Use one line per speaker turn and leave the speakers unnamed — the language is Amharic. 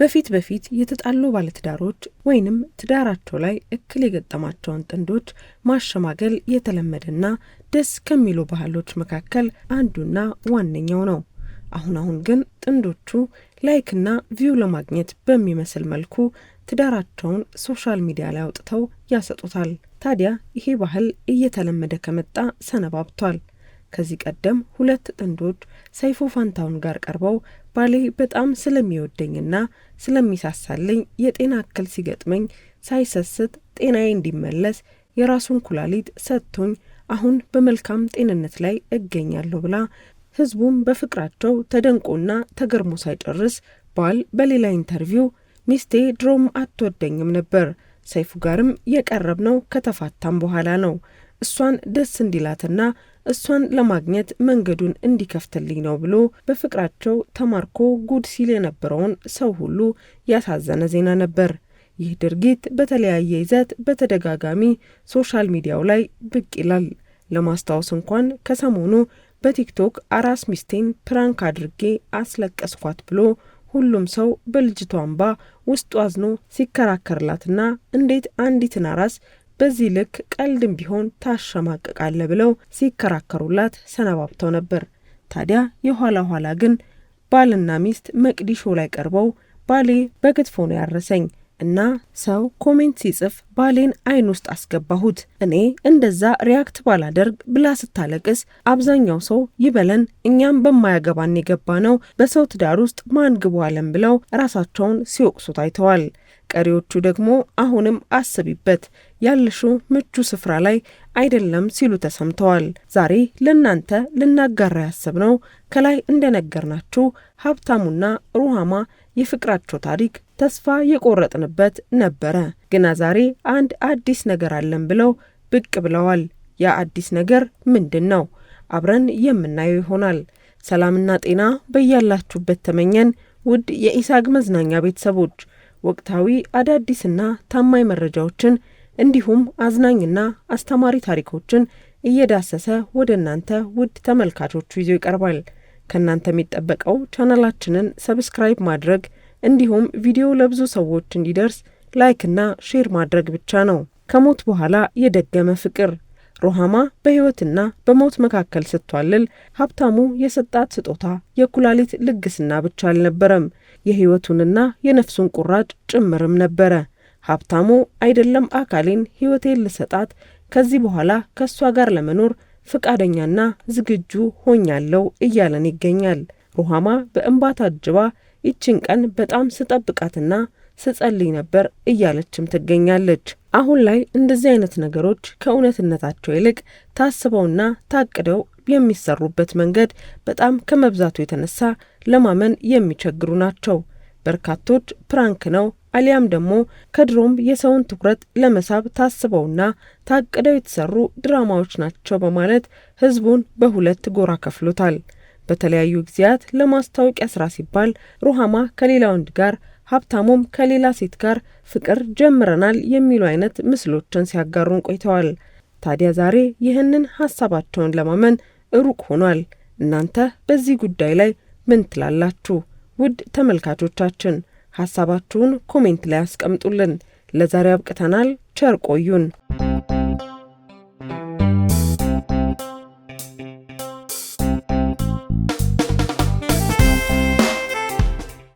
በፊት በፊት የተጣሉ ባለትዳሮች ወይንም ትዳራቸው ላይ እክል የገጠማቸውን ጥንዶች ማሸማገል የተለመደና ደስ ከሚሉ ባህሎች መካከል አንዱና ዋነኛው ነው። አሁን አሁን ግን ጥንዶቹ ላይክና ቪው ለማግኘት በሚመስል መልኩ ትዳራቸውን ሶሻል ሚዲያ ላይ አውጥተው ያሰጡታል። ታዲያ ይሄ ባህል እየተለመደ ከመጣ ሰነባብቷል። ከዚህ ቀደም ሁለት ጥንዶች ሰይፉ ፋንታውን ጋር ቀርበው ባሌ በጣም ስለሚወደኝና ስለሚሳሳልኝ የጤና እክል ሲገጥመኝ ሳይሰስት ጤናዬ እንዲመለስ የራሱን ኩላሊት ሰጥቶኝ አሁን በመልካም ጤንነት ላይ እገኛለሁ ብላ ህዝቡም በፍቅራቸው ተደንቆና ተገርሞ ሳይጨርስ ባል በሌላ ኢንተርቪው ሚስቴ ድሮም አትወደኝም ነበር፣ ሰይፉ ጋርም የቀረብነው ከተፋታም በኋላ ነው እሷን ደስ እንዲላትና እሷን ለማግኘት መንገዱን እንዲከፍትልኝ ነው ብሎ በፍቅራቸው ተማርኮ ጉድ ሲል የነበረውን ሰው ሁሉ ያሳዘነ ዜና ነበር። ይህ ድርጊት በተለያየ ይዘት በተደጋጋሚ ሶሻል ሚዲያው ላይ ብቅ ይላል። ለማስታወስ እንኳን ከሰሞኑ በቲክቶክ አራስ ሚስቴን ፕራንክ አድርጌ አስለቀስኳት ብሎ ሁሉም ሰው በልጅቷ እንባ ውስጡ አዝኖ ሲከራከርላትና እንዴት አንዲትን አራስ በዚህ ልክ ቀልድም ቢሆን ታሸማቅቃለ ብለው ሲከራከሩላት ሰነባብተው ነበር። ታዲያ የኋላ ኋላ ግን ባልና ሚስት መቅዲሾ ላይ ቀርበው ባሌ በክትፎ ነው ያረሰኝ እና ሰው ኮሜንት ሲጽፍ ባሌን አይን ውስጥ አስገባሁት። እኔ እንደዛ ሪያክት ባላደርግ ብላ ስታለቅስ አብዛኛው ሰው ይበለን እኛም በማያገባን የገባ ነው፣ በሰው ትዳር ውስጥ ማን ግቡ አለን ብለው ራሳቸውን ሲወቅሱ ታይተዋል። ቀሪዎቹ ደግሞ አሁንም አስቢበት ያለሽው ምቹ ስፍራ ላይ አይደለም ሲሉ ተሰምተዋል። ዛሬ ለእናንተ ልናጋራ ያሰብነው ከላይ እንደነገርናችሁ ሀብታሙና ሩሃማ የፍቅራቸው ታሪክ ተስፋ የቆረጥንበት ነበረ። ግና ዛሬ አንድ አዲስ ነገር አለን ብለው ብቅ ብለዋል። ያ አዲስ ነገር ምንድን ነው? አብረን የምናየው ይሆናል። ሰላምና ጤና በያላችሁበት ተመኘን። ውድ የኢሳግ መዝናኛ ቤተሰቦች ወቅታዊ አዳዲስና ታማኝ መረጃዎችን እንዲሁም አዝናኝና አስተማሪ ታሪኮችን እየዳሰሰ ወደ እናንተ ውድ ተመልካቾቹ ይዞ ይቀርባል። ከእናንተ የሚጠበቀው ቻናላችንን ሰብስክራይብ ማድረግ እንዲሁም ቪዲዮ ለብዙ ሰዎች እንዲደርስ ላይክና ሼር ማድረግ ብቻ ነው። ከሞት በኋላ የደገመ ፍቅር ሮሃማ በሕይወትና በሞት መካከል ስትዋልል ሀብታሙ የሰጣት ስጦታ የኩላሊት ልግስና ብቻ አልነበረም። የሕይወቱንና የነፍሱን ቁራጭ ጭምርም ነበረ። ሀብታሙ አይደለም አካሌን ህይወቴን ልሰጣት ከዚህ በኋላ ከእሷ ጋር ለመኖር ፈቃደኛና ዝግጁ ሆኛለሁ እያለን ይገኛል። ሩሃማ በእንባ ታጅባ ይችን ቀን በጣም ስጠብቃትና ስጸልይ ነበር እያለችም ትገኛለች። አሁን ላይ እንደዚህ አይነት ነገሮች ከእውነትነታቸው ይልቅ ታስበውና ታቅደው የሚሰሩበት መንገድ በጣም ከመብዛቱ የተነሳ ለማመን የሚቸግሩ ናቸው። በርካቶች ፕራንክ ነው አሊያም ደግሞ ከድሮም የሰውን ትኩረት ለመሳብ ታስበውና ታቅደው የተሰሩ ድራማዎች ናቸው በማለት ሕዝቡን በሁለት ጎራ ከፍሎታል። በተለያዩ ጊዜያት ለማስታወቂያ ስራ ሲባል ሩሃማ ከሌላ ወንድ ጋር ሀብታሙም ከሌላ ሴት ጋር ፍቅር ጀምረናል የሚሉ አይነት ምስሎችን ሲያጋሩን ቆይተዋል። ታዲያ ዛሬ ይህንን ሀሳባቸውን ለማመን ሩቅ ሆኗል። እናንተ በዚህ ጉዳይ ላይ ምን ትላላችሁ? ውድ ተመልካቾቻችን ሀሳባችሁን ኮሜንት ላይ አስቀምጡልን። ለዛሬ አብቅተናል። ቸር ቆዩን።